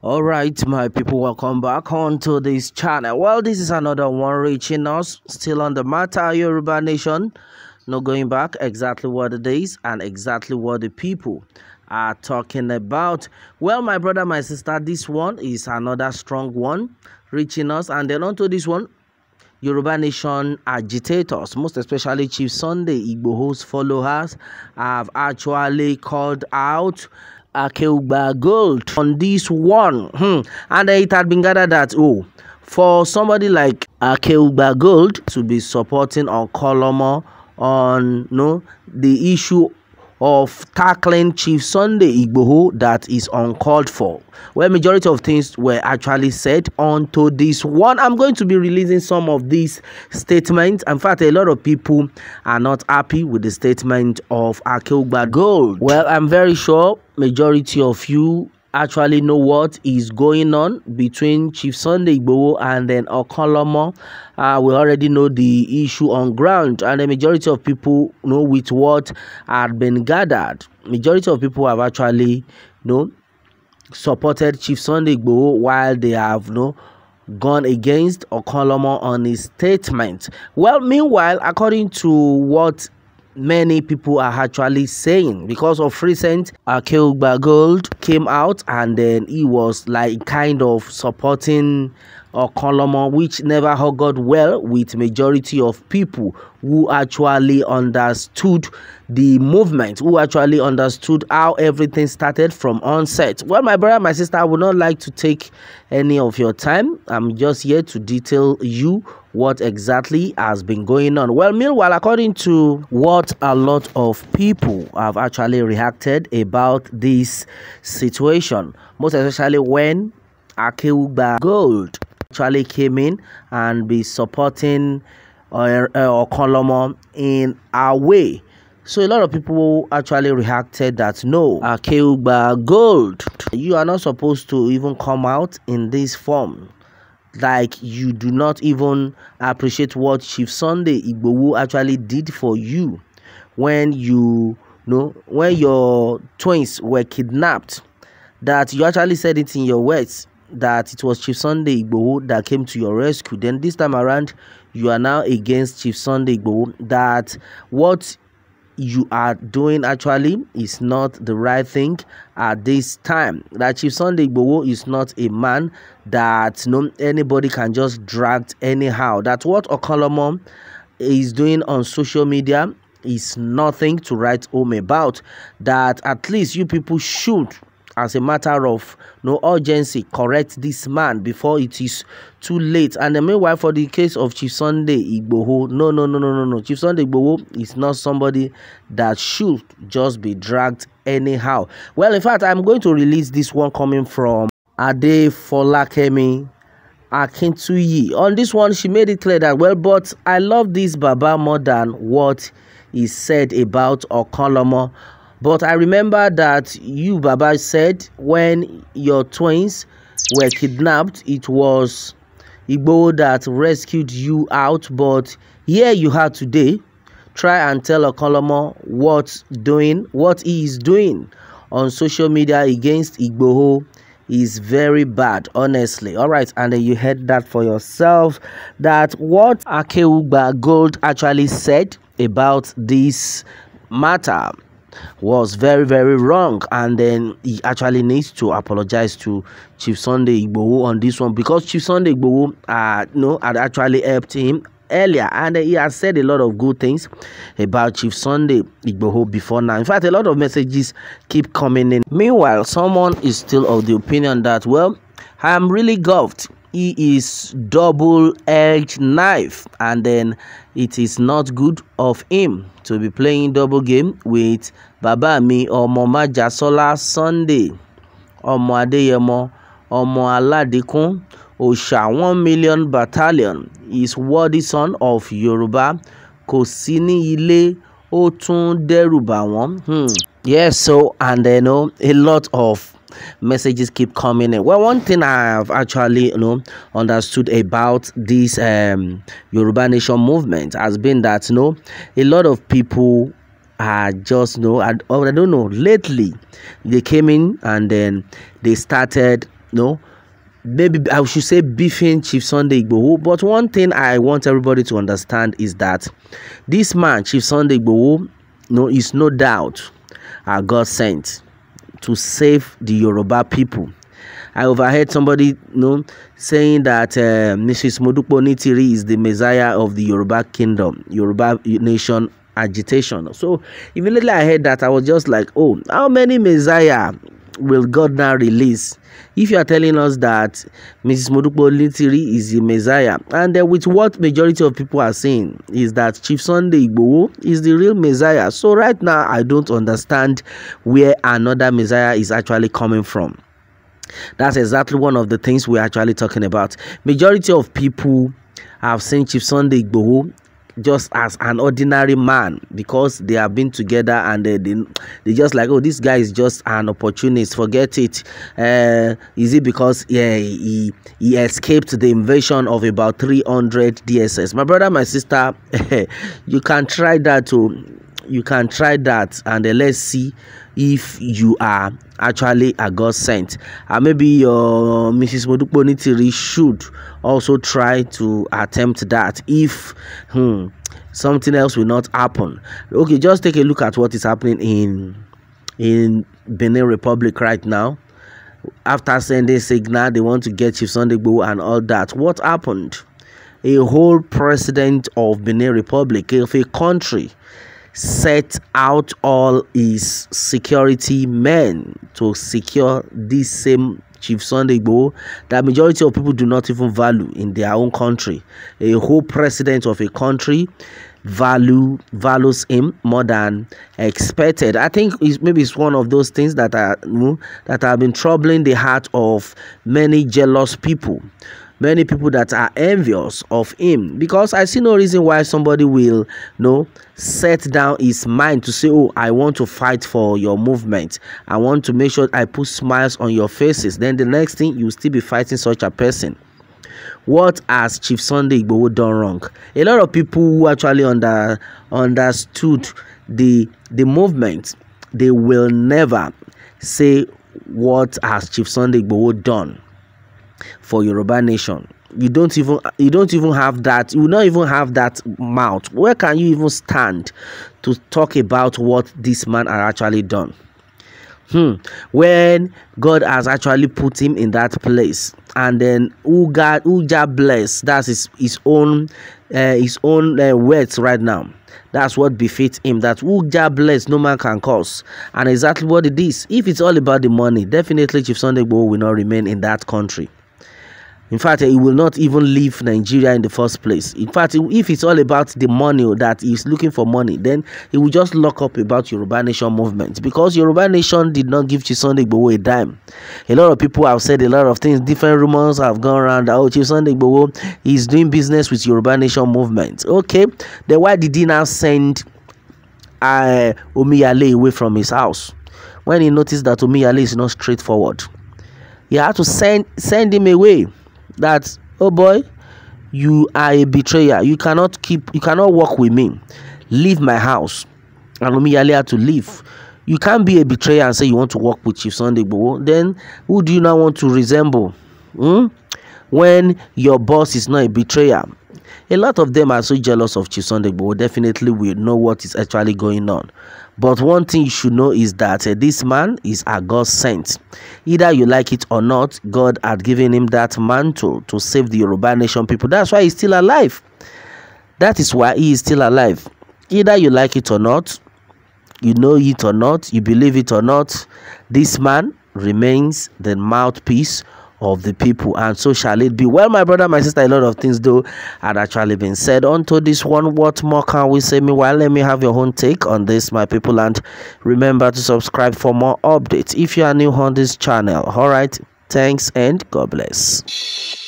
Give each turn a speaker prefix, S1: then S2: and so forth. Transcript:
S1: all right my people welcome back onto this channel well this is another one reaching us still on the matter yoruba nation no going back exactly what it is and exactly what the people are talking about well my brother my sister this one is another strong one reaching us and then onto this one Yoruba Nation agitators, most especially Chief Sunday Igboho's followers, have actually called out Akeuba gold on this one. Hmm. And it had been gathered that, oh, for somebody like Akeuba gold to be supporting on Kolomo on no the issue of tackling Chief Sunday Igboho that is uncalled for, where majority of things were actually said onto this one. I'm going to be releasing some of these statements. In fact, a lot of people are not happy with the statement of Akeugba Gold. Well, I'm very sure majority of you actually know what is going on between Chief Sunday Bo and then Okolomo. Uh, we already know the issue on ground, and the majority of people know with what had been gathered. Majority of people have actually you know supported Chief Sunday Bo while they have you no. Know, gone against Okolomo on his statement. Well, meanwhile, according to what many people are actually saying because of recent uh, Kilba Gold came out and then he was like kind of supporting or Kolomo, which never hugged well with majority of people who actually understood the movement, who actually understood how everything started from onset. Well, my brother, my sister, I would not like to take any of your time. I'm just here to detail you what exactly has been going on. Well, meanwhile, according to what a lot of people have actually reacted about this situation, most especially when Akeuba Gold actually came in and be supporting uh, uh, Okolomo in our way. So a lot of people actually reacted that no, Akeugba gold. You are not supposed to even come out in this form. Like you do not even appreciate what Chief Sunday Igbowo actually did for you when you, you know when your twins were kidnapped. That you actually said it in your words that it was Chief Sunday Igboho that came to your rescue. Then this time around, you are now against Chief Sunday Igboho. That what you are doing actually is not the right thing at this time. That Chief Sunday Igboho is not a man that no anybody can just drag anyhow. That what Okolomon is doing on social media is nothing to write home about. That at least you people should as a matter of no urgency correct this man before it is too late and then meanwhile for the case of Chief Sunday Igboho no no no no no no Chief Sunday Igboho is not somebody that should just be dragged anyhow well in fact I'm going to release this one coming from Ade Adefolakemi Akintuyi. On this one, she made it clear that, well, but I love this Baba more than what he said about Okanlomo. But I remember that you, Baba, said when your twins were kidnapped, it was Igbo that rescued you out. But here you are today. Try and tell Okolomo what's doing, what he is doing on social media against Igboho is very bad, honestly. All right, and then you heard that for yourself that what Akeugba Gold actually said about this matter was very very wrong and then he actually needs to apologize to Chief Sunday Igbowo on this one because Chief Sunday Igbowo uh, no had actually helped him earlier and he has said a lot of good things about Chief Sunday Igboho before now. In fact, a lot of messages keep coming in. Meanwhile, someone is still of the opinion that, well, I am really gulfed he is double-edged knife and then it is not good of him to be playing double game with Baba mi ọmọ májàsọ́lá sunday ọmọ adéyẹmọ ọmọ aládìkún òòṣà one million battalion is worthy son of Yoruba. kò sí ní ilé ó tún dẹ́rù bà wọ́n. Hmm. yes so and then oh, a lot of messages keep coming in. Well, one thing I have actually, you know, understood about this um, Yoruba Nation movement has been that, you know, a lot of people are just you know, I, oh, I don't know. Lately, they came in and then they started, you know, maybe I should say beefing Chief Sunday Igboho. But one thing I want everybody to understand is that this man, Chief Sunday Igboho, you no, know, is no doubt a God sent. to save the Yoruba people. I overheard somebody you know, saying that uh, Mrs. Modupo Nitiri is the messiah of the Yoruba kingdom, Yoruba nation agitation. So immediately I heard that, I was just like, oh, how many messiah will God now release? If you are telling us that Mrs. Modupo literally is the Messiah, and with what majority of people are saying is that Chief Sunday Igboho is the real Messiah. So right now, I don't understand where another Messiah is actually coming from. That's exactly one of the things we're actually talking about. Majority of people have seen Chief Sunday Igboho just as an ordinary man because they have been together and they, they, they just like oh this guy is just an opportunist forget it uh, is it because yeah, he, he escaped the invasion of about 300 dss my brother my sister you can try that too you can try that and then let's see if you are actually a god sent and maybe your mrs modukponitiri should also try to attempt that if hmm, something else will not happen okay just take a look at what is happening in in benin republic right now after sending signal they want to get chief sunday Igboho and all that what happened a whole president of benin republic of a country set out all his security men to secure this same Chief Sunday Igboho that majority of people do not even value in their own country. A whole president of a country value values him more than expected. I think it's, maybe it's one of those things that are that have been troubling the heart of many jealous people many people that are envious of him because i see no reason why somebody will you know set down his mind to say oh i want to fight for your movement i want to make sure i put smiles on your faces then the next thing you still be fighting such a person what has chief sunday igbowo done wrong a lot of people who actually under understood the the movement they will never say what has chief sunday igbowo done for Yoruba nation. You don't even you don't even have that. You do not even have that mouth. Where can you even stand to talk about what this man has actually done? Hmm. When God has actually put him in that place, and then Uga Uja bless. That's his his own uh, his own uh, words right now. That's what befits him. That Uja bless, no man can curse. And exactly what it is. If it's all about the money, definitely Chief Sunday Bo will not remain in that country. In fact, he will not even leave Nigeria in the first place. In fact, if it's all about the money that he's looking for money, then he will just lock up about Yoruba Nation movement because Yoruba Nation did not give Chisonde Igbowo a dime. A lot of people have said a lot of things. Different rumors have gone around. Oh, Chisonde Igbowo is doing business with Yoruba Nation movement. Okay, then why did he now send uh, Omiyale away from his house when he noticed that Omiyale is not straightforward? He had to send send him away that oh boy you are a betrayer you cannot keep you cannot work with me leave my house and omiyale had to leave you can't be a betrayer and say you want to work with chief sunday Igboho. then who do you now want to resemble hmm? when your boss is not a betrayer a lot of them are so jealous of Chief Sunday definitely will know what is actually going on. But one thing you should know is that uh, this man is a God sent. Either you like it or not, God had given him that mantle to save the Yoruba nation people. That's why he's still alive. That is why he is still alive. Either you like it or not, you know it or not, you believe it or not, this man remains the mouthpiece of the people, and so shall it be. Well, my brother, my sister, a lot of things though had actually been said. Unto this one, what more can we say? Meanwhile, let me have your own take on this, my people, and remember to subscribe for more updates if you are new on this channel. All right, thanks and God bless.